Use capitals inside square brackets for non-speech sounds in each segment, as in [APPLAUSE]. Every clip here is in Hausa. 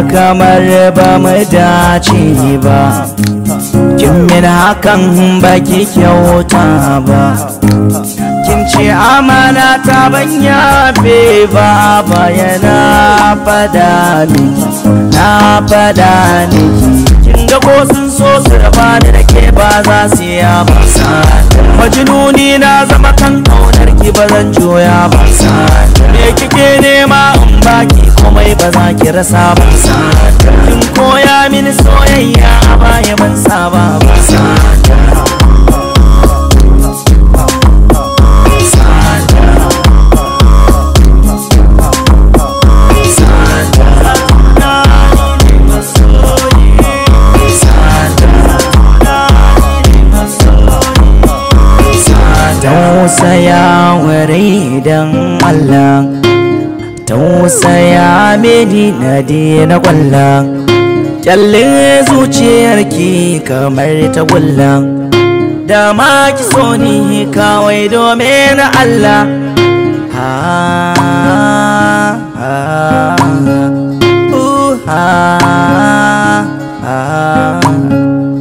kamar ba mu dace ba kin min hakan ba ki kyauta ba kin ce amana ta ban be ba bayana fada ni na fada ni kin ga ko sun so su raba ni da ke ba za su ya ba majnuni na zama kan kaunar ki ba zan joya ba me kike nema in ba ki komai ba za ki rasa ba kin koya mini soyayya a baya ban saba ba Hamidi na na kwalla Kyalle zuciyarki kamar ta gwalla Dama ki so ni kawai domin Allah ha ha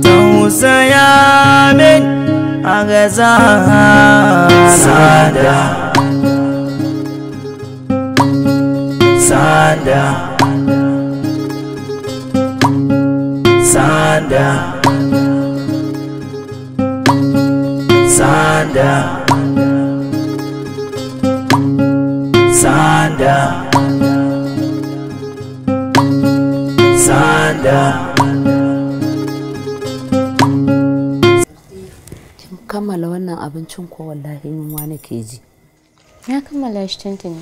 ha min a gaza Sada Sanda Sanda Sanda Sanda Sanda kammala wannan abincin ko wallahi yunwa nake ji. Ya kammala shi tantane.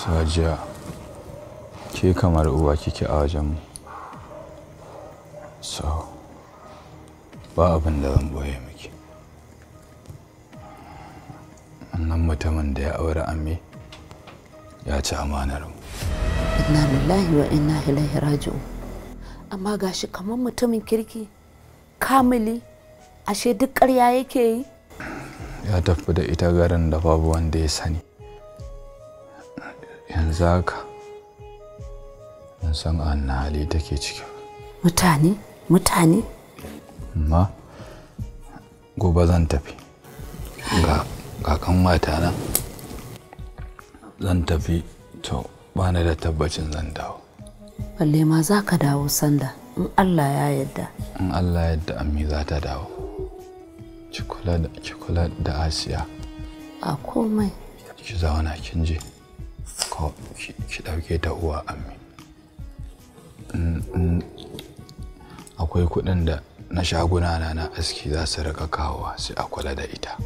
Sajiya, ke kamar uwa kike a wajenmu. So, ba abin da zan boye miki. Wannan mutumin da ya aure ame ya ci amanar mu. Inna lillahi wa inna ilaihi raji'un. Amma gashi kamar mutumin kirki, kamili, ashe duk ƙarya yake yi. Ya tafi da ita garin da babu wanda ya sani. zaka san annali hali take ciki mutane mutane amma gobe zan tafi ga kakan mata na zan tafi to bani da tabbacin zan dawo balle ma za ka dawo sanda in allah ya yadda in allah ya yadda ammi za ta dawo ki kula da asiya a komai ki zauna kin je ki dauke ta uwa amin akwai kudin da na shaguna na na aski za su rika kawowa sai a kula da ita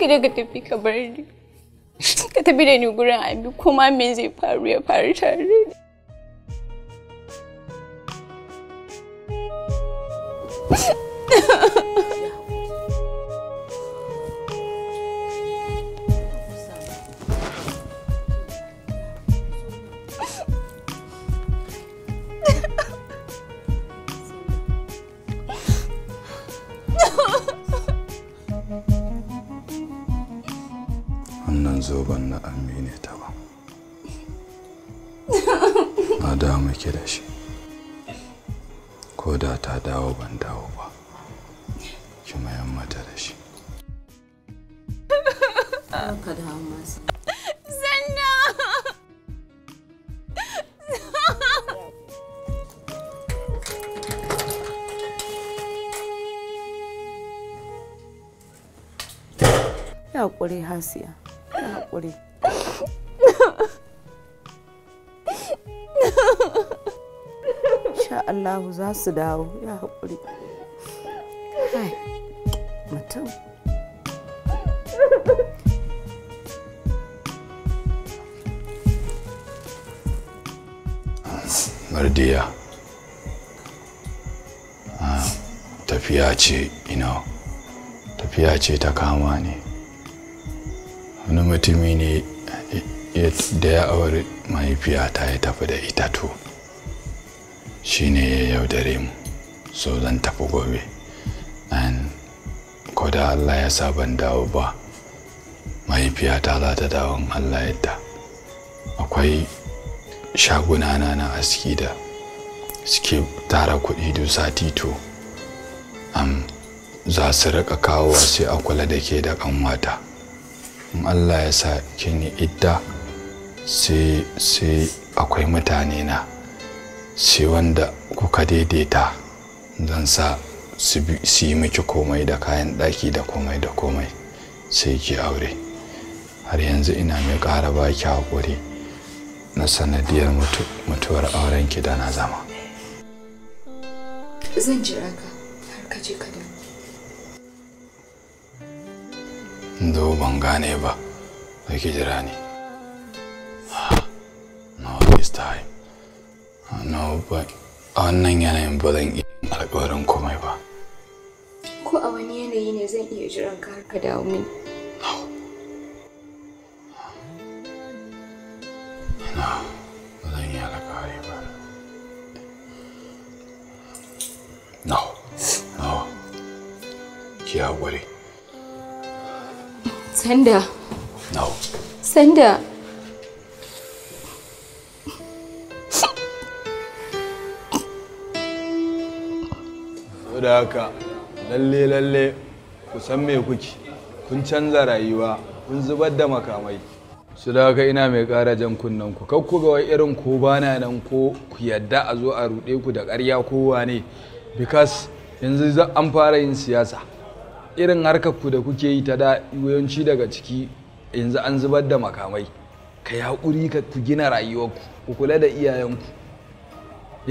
kada ka tafi ka bar ni ka tafi da ni gurin abi kuma me zai faru ya faru tare Ka da masu. Zanna! [LAUGHS] Ya haƙuri hasiya, ya haƙuri. [LAUGHS] Sha Allahu za su dawo, ya haƙuri. Mutum. bardiya ah, tafiya ce ina tafiya ce ta kama ne wani mutumi ne da ya aure mahaifiyata ya tafi da ita to shi ne ya yaudare mu so zan tafi gobe and ko da allah ya sa ban dawo ba mahaifiyata za ta dawo allah yadda akwai shaguna na na aski da suke tara kuɗi do sati to am za su rika kawowa sai a kula da ke da kanwata in allah ya sa kin yi idda sai sai akwai mutane na sai wanda kuka daidaita zan sa su yi miki komai da kayan ɗaki da komai da komai sai ki aure har yanzu ina mai ƙara baki haƙuri na sanadiyar mutuwar auren ki da na zama. Zan jira ka har ka je ka dawo. ban gane ba, ake ki jira ni. Ah, no this time. No ba a wannan yanayin ba zan iya alƙawarin komai ba. Ko a wani yanayi ne zan iya jiran ka har ka dawo mini. na ba zan no sanda no sanda da haka lalle lalle ku san me kuke kun canza rayuwa kun zubar da makamai su da haka ina mai ƙara jan kunnen ku kakku ga wai irin ko ba na nan ko ku yadda a zo a ruɗe ku da karya ko wane because yanzu an fara yin siyasa irin harkar ku da kuke yi ta da yawanci daga ciki yanzu an zubar da makamai ka yi haƙuri ka ku gina rayuwarku ku kula da iyayen ku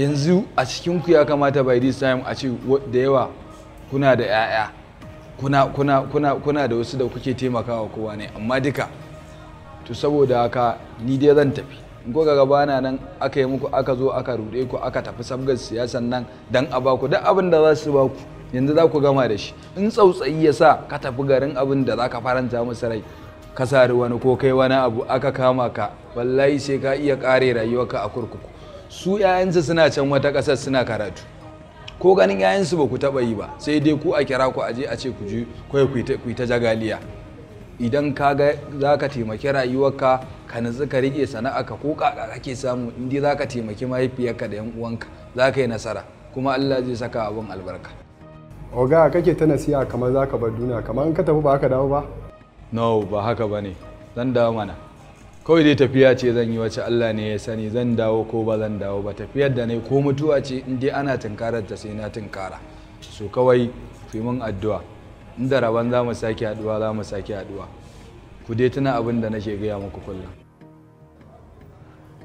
yanzu a cikinku ya kamata by this time a ce da yawa kuna da 'ya'ya kuna kuna kuna da wasu da kuke taimakawa kowa ne amma duka to saboda haka ni dai zan tafi in ko ga bana nan aka yi muku aka zo aka rude ku aka tafi sabgar siyasan nan dan a baku duk abin da za su baku yanzu za ku gama da shi in tsautsayi ya sa ka tafi garin abin da za ka faranta musu rai ka sari wani ko kai wani abu aka kama ka wallahi sai ka iya kare rayuwarka a kurkuku su 'ya'yansu suna can wata ƙasar suna karatu ko ganin 'ya'yansu ba ku taɓa yi ba sai dai ku a kira ku aje a ce ku je ku ta jagaliya idan ka ga za ka taimaki rayuwarka ka nutsu ka riƙe sana'arka ko ƙaƙa kake samu in za ka taimaki mahaifiyarka da yan uwanka za ka yi nasara kuma Allah zai saka abin albarka. Oga kake ta nasiya kamar za ka bar duniya kamar in ka tafi ba ka dawo ba? No ba haka ba ne zan dawo mana. Kawai dai tafiya ce zan yi wace Allah ne ya sani zan dawo ko ba zan dawo ba tafiyar da ne ko mutuwa ce in dai ana tunkarar ta sai na tunkara. So kawai fi mun addu'a. inda rabon za mu sake haduwa za mu sake haduwa ku dai tuna abin da nake gaya muku kullum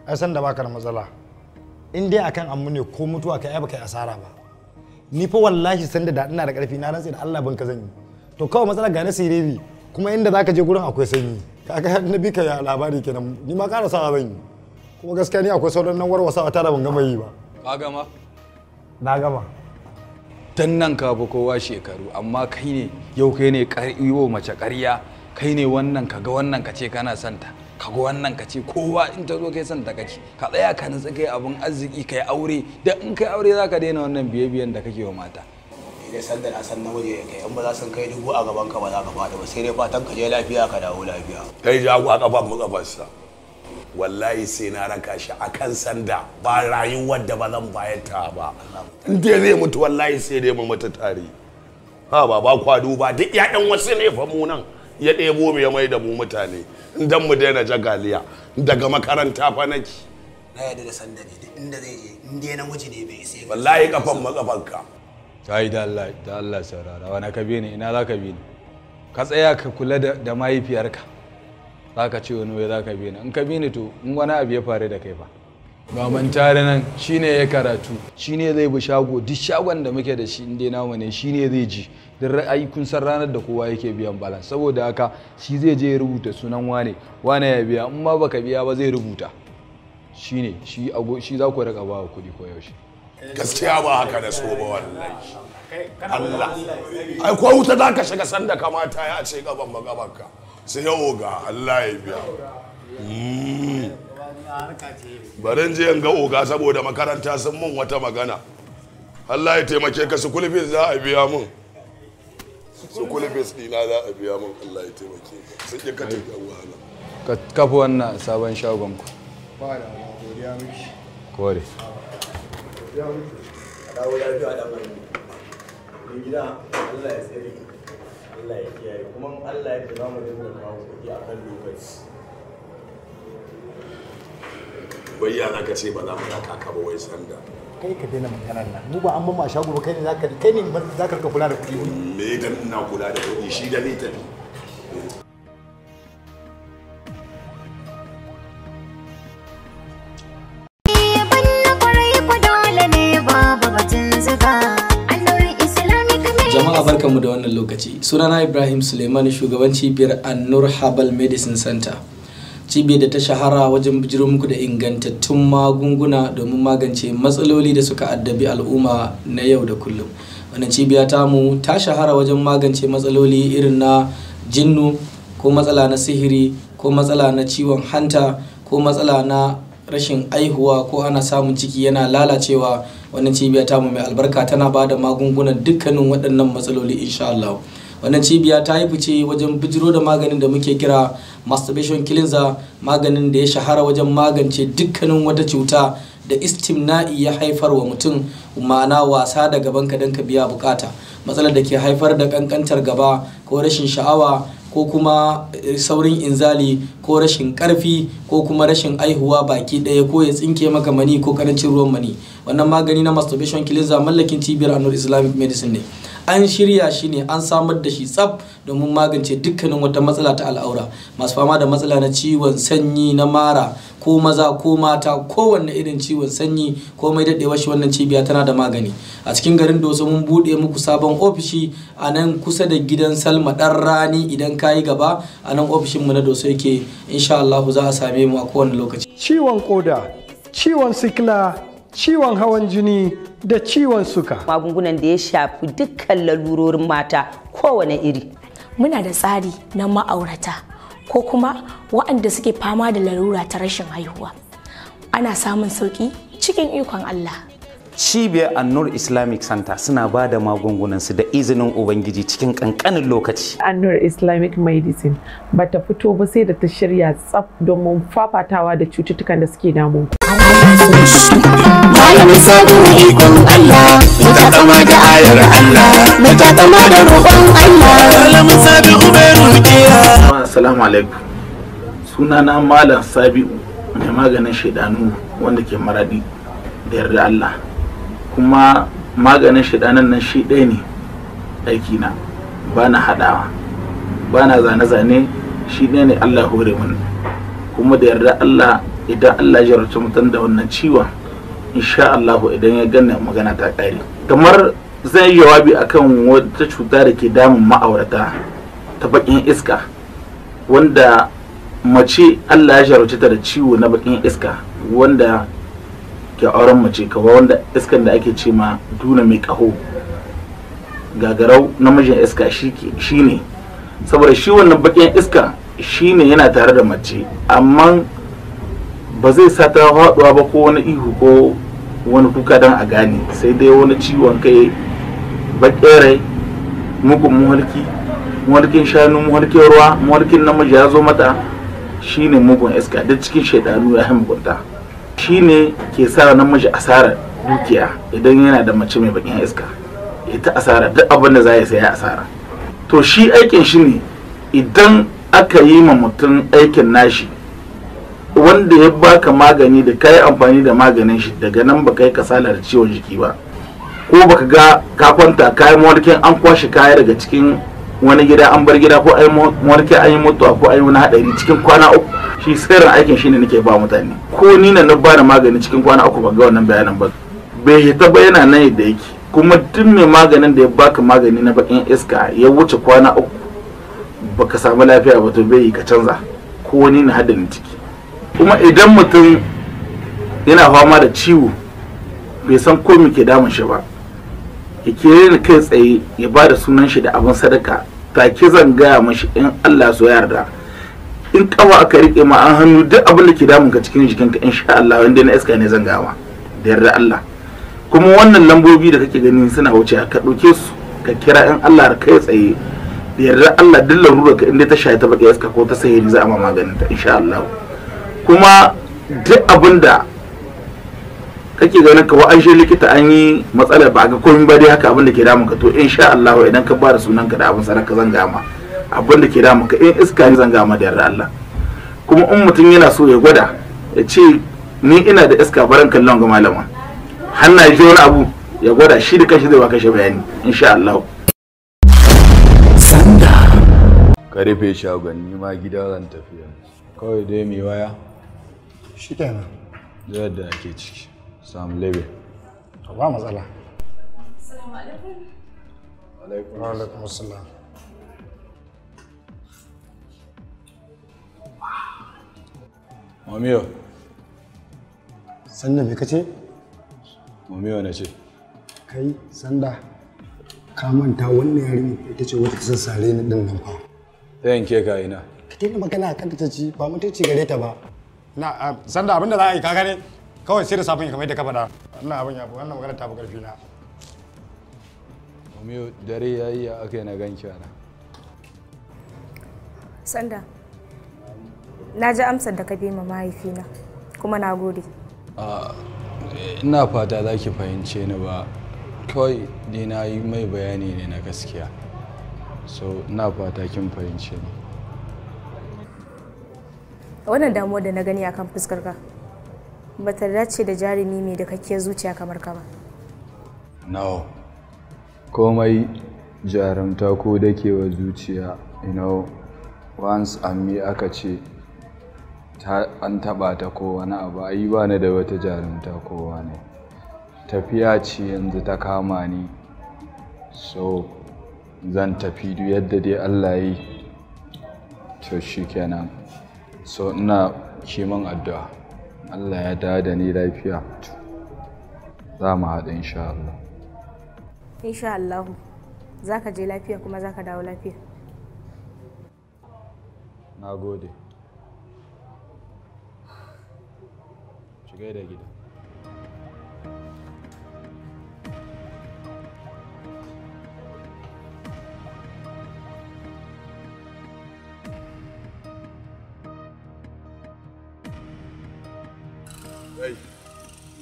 ai san da baka da matsala in dai akan ammu ne ko mutuwa kai baka yi asara ba ni fa wallahi san da ina da karfi na rantsa da Allah ban ka zan yi to kawai matsala ga na sirebi kuma inda zaka je gurin akwai sanyi kaga na bi ka ya labari kenan ni ma ƙara sawa zan yi kuma gaskiya ni akwai sauran nan ta tara ban gama yi ba ba gama na gama dan nan ka kowa shekaru amma kai ne yau kai ne yiwo mace ƙarya kai ne wannan ka ga wannan ka ce kana santa ka ga wannan ka ce kowa in ta zo kai santa kake ka tsaya ka nutsi kai abin arziki kai aure da in kai aure za ka daina wannan biye-biyen da kake wa mata da sanda na san namiji ya kai in ba za san kai dubu a gaban ka ba za ka fada ba sai dai fatan ka je lafiya ka dawo lafiya kai jago a kafa mu kafarsa wallahi sai na raka shi a kan sanda ba rayuwar da ba zan bayar ta ba in dai zai mutu wallahi sai dai mu mutu tare ha ba ba kwado ba duk ya dan wasu ne fa mu nan ya ɗebo mu ya mai da mu mutane dan mu daina jagaliya daga makaranta fa nake na yadda da sanda ne duk inda zai je in dai namiji ne bai sai wallahi kafan makafanka kai da Allah da Allah saurara wani ka bi ni ina za ka bi ni ka tsaya ka kula da mahaifiyarka za ka ce wani wai za ka bi ni in ka bi ni to in wani abu ya faru da kai ba ba man tare nan shine ya karatu shine zai bi shago duk shagon da muke da shi in dai namu ne shine zai ji duk ra'ayi kun san ranar da kowa yake biyan balance saboda haka shi zai je ya rubuta sunan wane wane ya biya in ma baka biya ba zai rubuta shine shi ago shi za ku raka ba kuɗi ko yaushe gaskiya ba haka da so ba wallahi Allah ai ko wuta za ka shiga sanda kamata ya ce gaban magabanka sai yau ga Allah ya biya hmm. barin je ga oga saboda makaranta sun mun wata magana Allah ya taimake ka su za a biya mun su dina za a biya mun Allah ya taimake sun katin da wahala ka kafa wannan sabon shagon ku ba da godiya miki kore ya a da gida Allah ya tsare Allah ya kiyaye kuma Allah ya da za mu dinga kawo kuɗi a kan lokaci Bai yana zaka ce ba za mu raka ka ba wai sanda kai ka daina maganar nan mu ba an mama shago ba kai ne zaka kai ne zaka ka kula da kuɗi ne dan ina kula da kuɗi shi da ni tafi sunana ibrahim suleiman shugaban cibiyar annur habal medicine center cibiyar da ta shahara wajen bijiro muku da ingantattun magunguna domin magance matsaloli da suka addabi al'umma na yau da kullum wannan cibiya tamu ta shahara wajen magance matsaloli irin na jinnu ko matsala na sihiri ko matsala na ciwon hanta ko matsala na rashin aihuwa ko ana samun ciki yana lalacewa wannan cibiya tamu mai albarka tana ba da magungunan dukkanin waɗannan matsaloli insha Allah. wannan cibiya ta yi fice wajen bijiro da maganin da muke kira masturbation cleanser maganin da ya shahara wajen magance dukkanin wata cuta da istimna'i ya haifar wa mutum ma'ana wasa da gaban ka ka biya bukata matsalar da ke haifar da kankantar gaba ko rashin sha'awa ko kuma eh, saurin inzali ko rashin karfi ko kuma rashin aihuwa baki daya ko ya tsinke maka mani ko karancin ruwan mani wannan magani na masturbation cleanser mallakin cibiyar anur islamic medicine ne an shirya shi ne an samar da shi tsaf domin magance dukkanin wata matsala ta al'aura masu fama da matsala na ciwon sanyi na mara ko maza ko mata kowanne irin ciwon sanyi ko mai daɗewar shi wannan cibiya tana da magani a cikin garin doso mun buɗe muku sabon ofishi a nan kusa da gidan salma ɗan rani idan kayi gaba a nan ofishinmu na doso yake insha Allah za a same mu a kowane lokaci ciwon koda ciwon sikila ciwon hawan jini da ciwon suka magungunan da ya shafi dukkan lalurorin mata kowane iri muna da tsari na ma'aurata ko kuma waɗanda suke fama da lalura ta rashin haihuwa ana samun sauƙi cikin ikon Allah cibiyar annur islamic center suna ba da magungunansu da izinin ubangiji cikin kankanin lokaci annur islamic medicine ba ta fito ba sai da ta shirya tsaf domin fafatawa da cututtukan da suke damu Assalamu alaikum. Sunana Malam Sabi'u mai maganin shaidanu wanda ke maradi da yarda Allah. kuma maganin shidanan nan shi ɗaya ne na ba na haɗawa ba na zane-zane shi ɗaya ne Allah hore mun kuma da yarda Allah idan Allah ya jarrace mutum da wannan ciwon insha Allah idan ya gane magana ta ƙare kamar zai yi jawabi akan wata cuta da ke damun ma'aurata ta bakin iska wanda mace Allah ya jarrace ta da ciwo na bakin iska wanda ke auren mace kawa wanda iskan da ake ce ma duna mai kaho gagarau namijin iska shi ne saboda shi wannan bakin iska shi ne yana tare da mace amma ba zai sa ta haɗuwa ba ko wani ihu ko wani kuka don a gane sai dai wani ciwon kai bakere mugun muhalki muhalkin shanu muhalkin ruwa muhalkin namiji ya zo mata shine mugun iska duk cikin shaidanu ya mugunta shine ke sa namiji asarar dukiya idan yana da mace mai bakin iska ita asara duk abin da za ya saya asara to shi aikin shi ne idan aka yi ma mutum aikin nashi wanda ya baka magani da kayi amfani da maganin shi daga nan baka yi kasala da ciwon jiki ba ko baka ga ka kwanta kayan mawarkin an kwashe kaya daga cikin wani gida an bar gida ko ai mawarkin an yi mutuwa ko ai wani hadari cikin kwana uku shi sirrin aikin shine nake ba mutane ko ni na na bada magani cikin kwana uku ba ga wannan bayanan ba bai ta yana nan yadda yake kuma duk mai maganin da ya baka magani na bakin iska ya wuce kwana uku baka samu lafiya ba to bai ka canza ko ni na hada ni ciki kuma idan mutum yana fama da ciwo bai san ko me ke damun shi ba ya kere kai tsaye ya bada sunan shi da abin sadaka take zan gaya mashi in Allah so yarda in kawa aka rike ma an hannu duk abin da ke damun ka cikin jikinka insha Allah wanda na iska ne zangawa da yarda Allah kuma wannan lambobi da kake gani suna wuce ka ɗauke su ka kira in Allah ka kai tsaye da yarda Allah duk larurar ka inda ta shaye ta baka iska ko ta sahiri za a ma maganin ta insha Allah kuma duk abin da kake ganin ka an likita an yi matsala ba ga komai ba dai haka abin da ke damun ka to insha Allah idan ka ba da sunan ka da abin sanar ka zanga ma abin da ke damu ka in eh, iska ne zanga ma da yarda Allah kuma in mutum yana so ya gwada ya ce ni ina da iska barin kallon ga malama hanna ji wani abu ya gwada shi da kashi zai ba kashe bayani insha Allah sanda karfe shagwanni ma gida zan tafiya kawai dai mai waya shi kenan da yadda ake ciki samu lebe ba matsala alaikum alaikum assalam Mamiyo. Sanda me kace? Mamiyo na ce. Kai sanda ka manta wannan yarinya ita ce wata ta sare ni din nan fa. Ta yanke ka ina. Ka daina magana a ta ci ba tace gare ta ba. Na sanda abinda za a yi ka gane. kawai sai da safin kamar yadda ka faɗa. Wannan abin ya wannan magana ta fi ƙarfi na. Mamiyo dare yayi ya aka na ganki ana. Sanda. na ji amsar da ka bi ma mahaifina kuma na gode ina fata za ki fahimce ni ba kawai ni na yi mai bayani ne na gaskiya so ina fata kin fahimce ni wannan damuwar da na gani a kan fuskar ka ba ta dace da jarumi mai da kakkiyar zuciya kamar ka ba no komai jarumta ko dakewa zuciya you know once an mi aka ce an taɓa ta ko wani abu ai ba ni da wata jarumta ko wani tafiya ce yanzu ta kama ni so zan tafi duk yadda dai Allah yi to shi kenan so ina kiman addu'a Allah ya dawo da ni lafiya za mu haɗu insha Allah insha Allah za ka je lafiya kuma za ka dawo lafiya na gode shiga da gida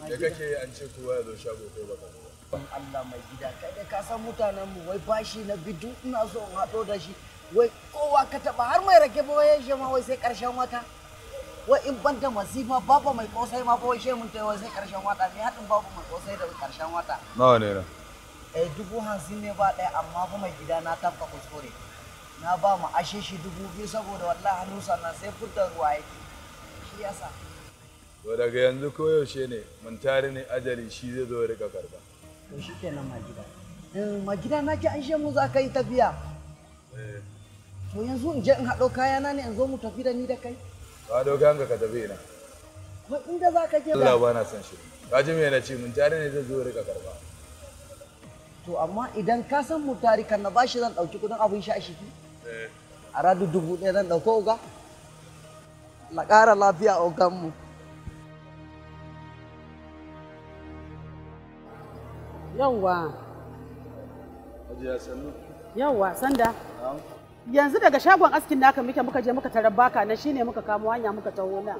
da kake an ce kowa ya zo shago kai baka zo Allah mai gida kai ka san mutanen mu wai bashi na bidu ina so in haɗo da shi wai kowa ka taɓa har mai rake ba ya ma wai sai ƙarshen wata wa in ban da masifa babu mai kosai ma kawai shemun ta wai zai karshen wata ne haɗin babu mai kosai da karshen wata nawa ne na eh dubu hamsin ne ba ɗaya amma kuma gida na tafka kuskure na ba mu ashe shi dubu biyu saboda wallahi hannu sannan sai furta ruwa yake shi yasa to daga yanzu koyaushe ne mun tare ne ajali shi zai zo ya rika karba to shi kenan ma gida eh, ma gida na ke an mu za ka yi tafiya eh. to yanzu in je in haɗo kayana ne in zo mu tafi da ni da kai Ba doga hanga ka tafi ina. Ko inda za ka je ba. Allah ba na san shi. Ka ji me na ce mun tare ne zai zo rika karba. To amma idan ka san mu tari kan na bashi zan dauki kudin abin sha shi. Eh. A radu dubu ɗaya zan dauko uga. La ƙara lafiya ogan mu. Yawwa. Hajiya sanda. Na'am. yanzu daga shagon askin naka muke muka je muka tarar baka na shine muka kamo hanya muka taho nan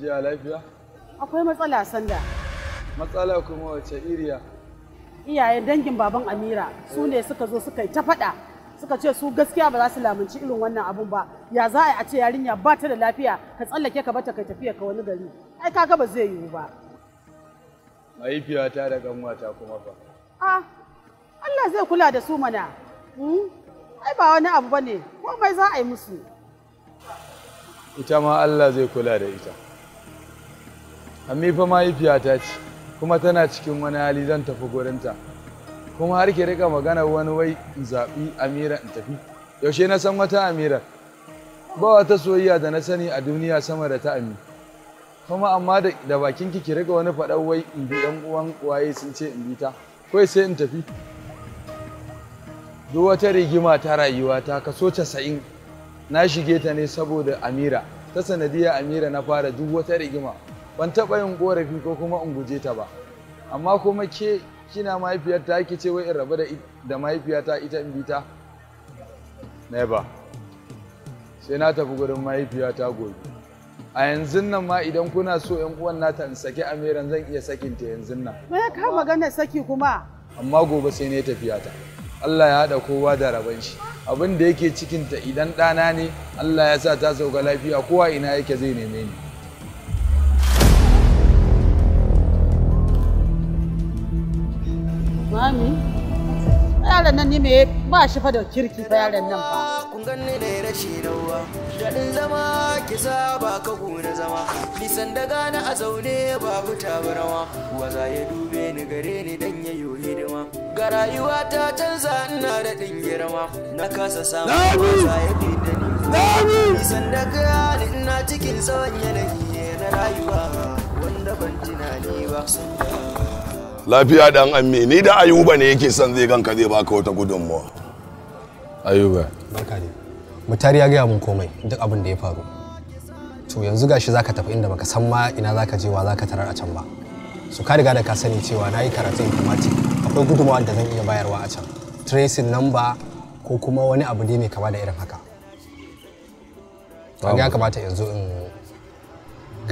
je a lafiya akwai matsala sanda matsala kuma wace iriya iyayen dangin baban amira su ne suka zo suka yi ta faɗa suka ce su gaskiya ba za su lamunci irin wannan abun ba ya za a ce yarinya ba ta da lafiya ka tsallake ka bata kai tafiya ka wani gari ai kaga ba zai yiwu ba mahaifiyata da wata kuma fa a ah, Allah zai kula da su mana hmm? ai ba wani abu bane komai za a yi musu ita ma Allah zai kula da ita amma fa ta ce kuma tana cikin wani hali zan tafi gurinta kuma har ki rika magana wani wai in zaɓi amira in tafi yaushe na san wata amira ba wata soyayya da na sani a duniya sama da ta ami kuma amma da bakin ki ki rika wani faɗan wai in bi ɗan uwan waye sun ce in bi ta kawai sai in tafi duk wata rigima ta rayuwa ta kaso casa'in na shige ta ne saboda amira ta sanadiyar amira na fara duk wata rigima ban taɓa yin ƙorafi ko kuma in guje ta ba amma kuma ke kina mahaifiyarta ake ce wai in rabu da mahaifiyata ita in bi ta ba, sai na tafi gurin mahaifiyata gobe a yanzu nan ma idan kuna so yan uwan nata in saki amiran zan iya sakinta yanzu nan me ka magana saki kuma amma gobe sai ne tafiyata Allah ya haɗa kowa da rabon shi abin da yake cikinta idan ɗana ne Allah ya sa ta sauka lafiya kowa ina yake zai neme ni Mami, yaron nan ne me ba shi fa da kirki fa yaron nan ba kun ganni ne rashi rawa dadin zama ki saba ka gona zama nisan daga na a zaune ba huta babu wa za ya dube ni gare ni dan ya yo hidima ga rayuwa ta canza ina da din girma na kasa samu za ya fi da ni nisan daga ni ina cikin tsawon yanayi na rayuwa wanda ban tunani ba lafiya dan amme ni da ayuba ne yake son zai ganka zai baka wata gudunmuwa ayuba barka ne mutari ya gaya mun komai duk abin da ya faru to yanzu gashi zaka tafi inda baka san ma ina zaka je wa zaka tarar a can ba su ka riga da ka sani cewa na yi karatun informatics akwai gudunmawa da zan iya bayarwa a can tracing number ko kuma wani abu ne mai kama da irin haka ya kamata yanzu in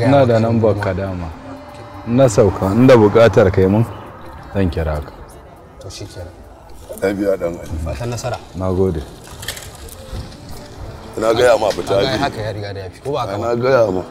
ina da number ka dama na sauka inda bukatar kai mun zan kira ka to shi kenan ya biya dan ali fatan nasara na gode na gaya ma fita biyu na haka ya riga da ya fi ko ba haka na gaya ma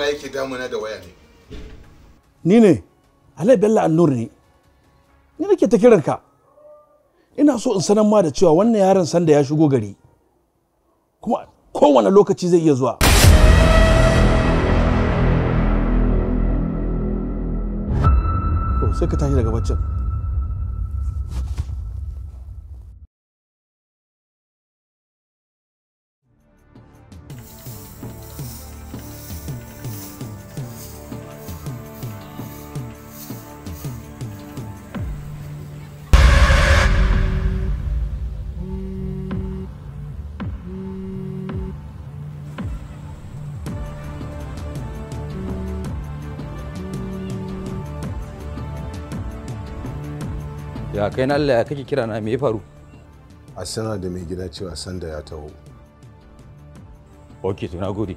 wa yake damuna da waya ne ni ne alai bello annur ne ni nake ta kiran ka ina so in sanar ma da cewa wannan yaron sanda ya shigo gari kuma kowane lokaci zai iya zuwa sai ka tashi daga baccin kai na Allah ya kake kira na me ya faru a sanar da mai gida cewa sanda ya taho okay to na gode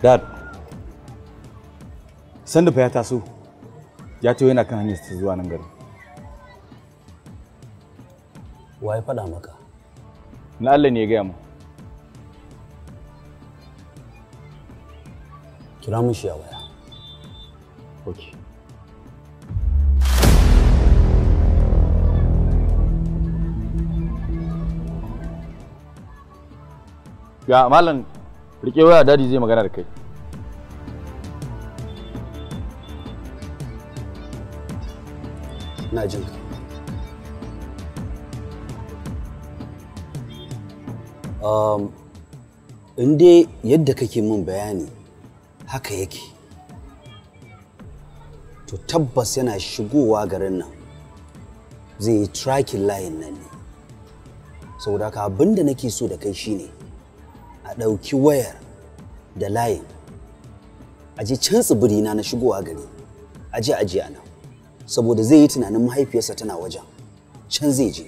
Dad, sanda fa ya taso, ya ce yana kan hanyar zuwa nan gari. Wa ya faɗa maka? Na Allah ne ya gaya mu. Kira mun shi a waya. Okay. Ya malam rike waya dadi zai magana da kai na jin um, in dai yadda kake min bayani haka yake to tabbas yana shigowa garin nan zai yi tracking layin nan ne saboda haka abin nake so da kai shine a ɗauki wayar da layin a je can tsibirina na shigowa gari a je ajiye nan saboda zai yi tunanin mahaifiyarsa tana wajen can zai je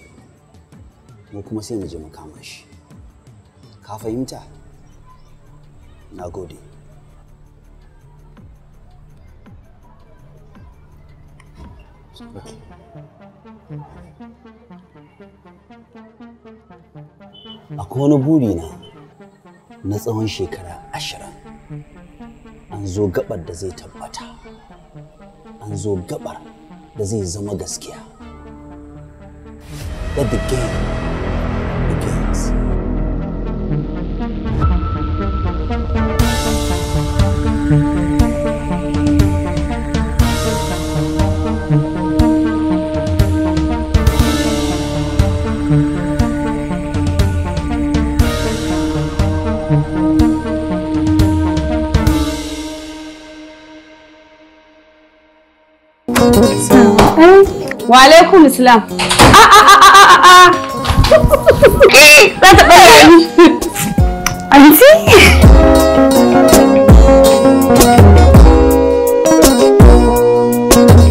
mu kuma sai mu je mu kama shi ka fahimta na gode akwai wani buri na na tsawon shekara ashirin an zo gabar da zai tabbata an zo gabar da zai zama gaskiya let the game begins Wa alaikum salam. A a a a a a. Eh, za ta ɗaga ni.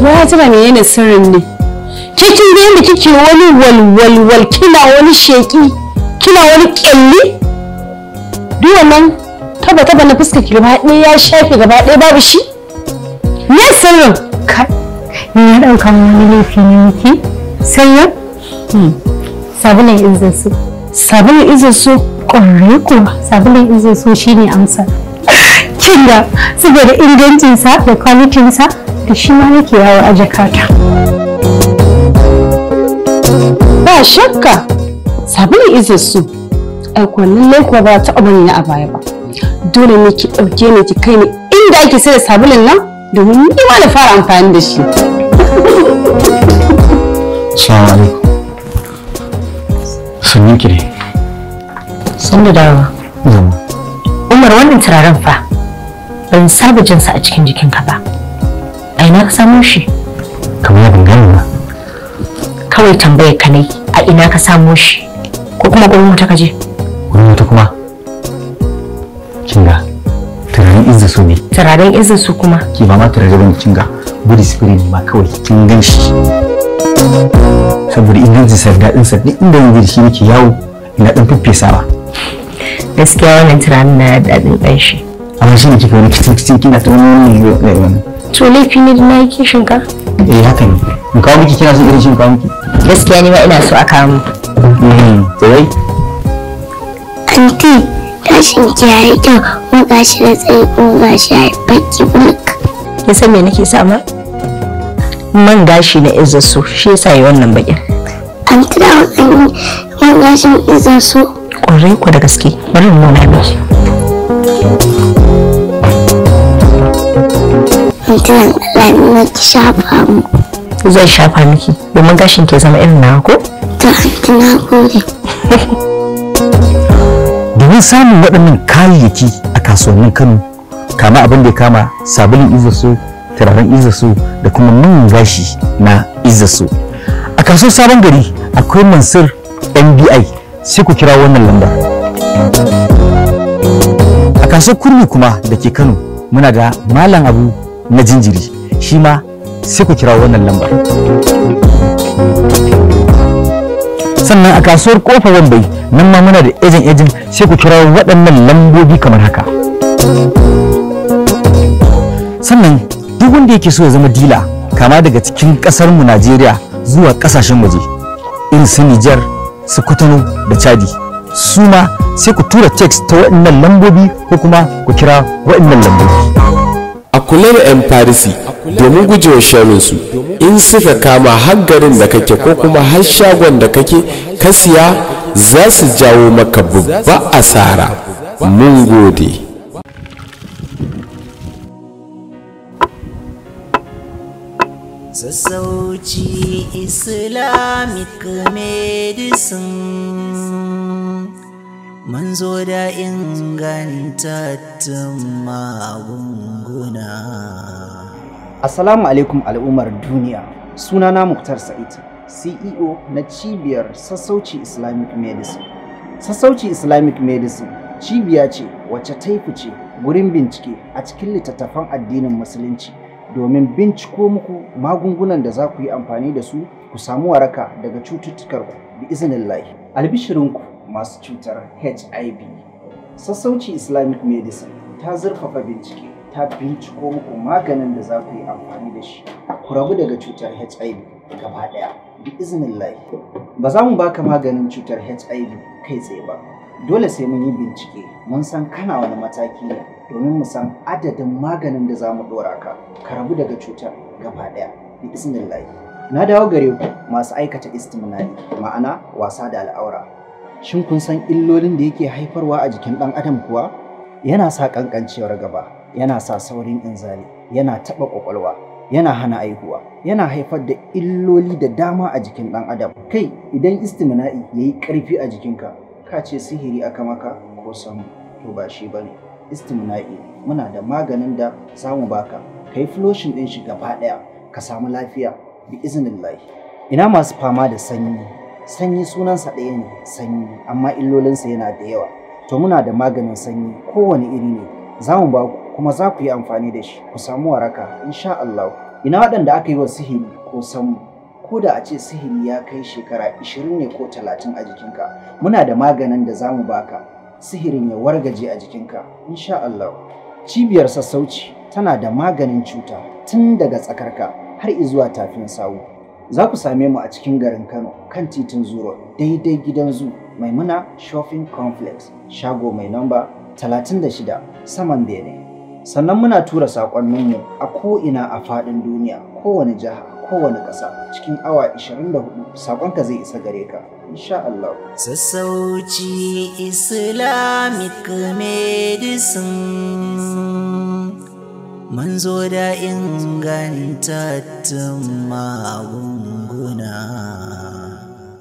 ya taba menene sirrin ne ke kin ga yadda kike wani walwalwal kina wani sheki kina wani kyalli duk wannan taba taba na fuska ki gaba ɗaya ya shafe gaba ɗaya babu shi me sirrin kai ni na ɗaukan wani laifi ne miki sai ya sabulin izin su kuwa sabulin izin su ne amsa kin da saboda ingancinsa da kwalitinsa da shi ma nake yawo a jakata ba shakka sabulun izin su aiko lallai kuwa ba ta abin a baya ba dole ne ki ɗauke ne ki kai ne inda ake sai da nan domin ni ma na fara amfani da shi. Assalamu alaikum. Sannu ki ne. Sun da dawa. Umar wannan turaren fa ban saba jin sa a cikin jikinka ba. A ina ka samo shi? Kamar ban gani ba. Kawai tambayar ka ne a ina ka samo shi ko kuma gurin wata kaje? Gurin wata kuma? Kinga. Turaren izza su ne. Turaren izza su kuma. Ki ba ma turare bane kinga. Buri spray ne ma kawai kin gan shi saboda ingancin sa daɗin sa inda yanzu shi nake yawo ina ɗan fiffesawa gaskiya wannan tunanin na daɗin ɗan shi amma shi ne kika wani kitin kitin kina ta wani wani wani to laifi ne na yake shinka eh haka ne in kawo miki kina son irin shinka miki gaskiya ne ma ina so a kawo mm-hmm. mu tsirrai anti tashin ki yayi kyau mun gashi da tsaye ko gashi ya baki kuma ya san me nake sa ma man gashi na izza su shi yasa yi wannan baki an tana wani man gashin izza su kwarai ku da gaske bari mu nuna miki Mutum Allah ki shafa mu. Zai shafa miki domin gashin ke zama irin na ko? Ta na gode. [LAUGHS] Domin samun waɗannan kayayyaki a kasuwannin Kano kama abin da ya kama sabulin izasu turaren izasu da kuma man gashi na izasu a kasuwar sabon gari akwai mansur mbi sai ku kira wannan lambar a kasuwar kurmi kuma da ke kano muna da malam abu na jinjiri shi ma sai ku kira wannan lambar sannan a kasuwar kofar wambai nan ma muna da ejin ejin sai ku kira waɗannan lambobi kamar haka wannan duk wanda yake so ya zama dila kama daga cikin kasar mu Najeriya zuwa kasashen waje in su Niger su Kotonu da Chadi su ma sai ku tura text ta waɗannan lambobi ko kuma ku kira waɗannan lambobi a kula da 'yan farisi domin gujewa su in suka kama har garin da kake ko kuma har shagon da kake ka siya za su jawo maka babba asara mun gode sassauci islamic medicine mun zo da ingantattun magunguna assalamu alaikum al'ummar duniya sunana muktar sa'id ceo na cibiyar sassauci islamic medicine sassauci islamic medicine cibiya ce wacce taifu fice gurin bincike a cikin littattafan addinin musulunci domin binciko muku magungunan da za ku yi amfani da su ku samu waraka daga cututtukar bi izinin Albishirinku masu cutar HIV. Sassauci Islamic Medicine ta zurfafa bincike ta binciko muku maganin da za ku yi amfani da shi ku rabu daga cutar HIV gaba ɗaya bi izinin Ba za mu baka maganin cutar HIV kai tsaye ba. dole sai mun yi bincike mun san kana wani mataki ne domin mu san adadin maganin da za mu ɗora ka ka daga cutar gaba daya bismillah na dawo gare ku masu aikata istimnani ma'ana wasa da al'aura shin kun san illolin da yake haifarwa a jikin ɗan adam kuwa yana sa ƙanƙancewar gaba yana sa saurin inzali yana taɓa ƙwaƙwalwa yana hana aihuwa yana haifar da illoli da dama a jikin ɗan adam kai idan istimna'i yayi yi ƙarfi a jikinka ka ce sihiri aka maka ko samu to ba shi bane istimna'i muna da maganin da ka. baka kai floshin din shi gaba daya ka samu lafiya bi iznillahi ina masu fama da sanyi sanyi sunansa ɗaya ne sanyi amma illolinsa yana da yawa to muna da maganin sanyi kowane iri ne za mu ba kuma za ku yi amfani da shi ku samu waraka insha Allah ina waɗanda aka yi wa sihiri ko samu ko da a ce sihiri ya kai shekara 20 ne ko 30 a jikinka muna da maganin da zamu baka sihirin ya wargaje a jikinka insha Allah cibiyar sassauci tana da maganin cuta tun daga tsakarka har izuwa tafin sawu za ku same mu a cikin garin Kano kan titin Zuro daidai gidan zu Maimuna Shopping Complex shago mai namba 36 saman Bene sannan muna tura saƙonninmu a ko'ina a faɗin duniya kowane jiha kowane ƙasa cikin awa 24 saƙonka zai isa gare ka insha Allah. Sassauci Islamic Medicine Manzo da ingantattun magunguna.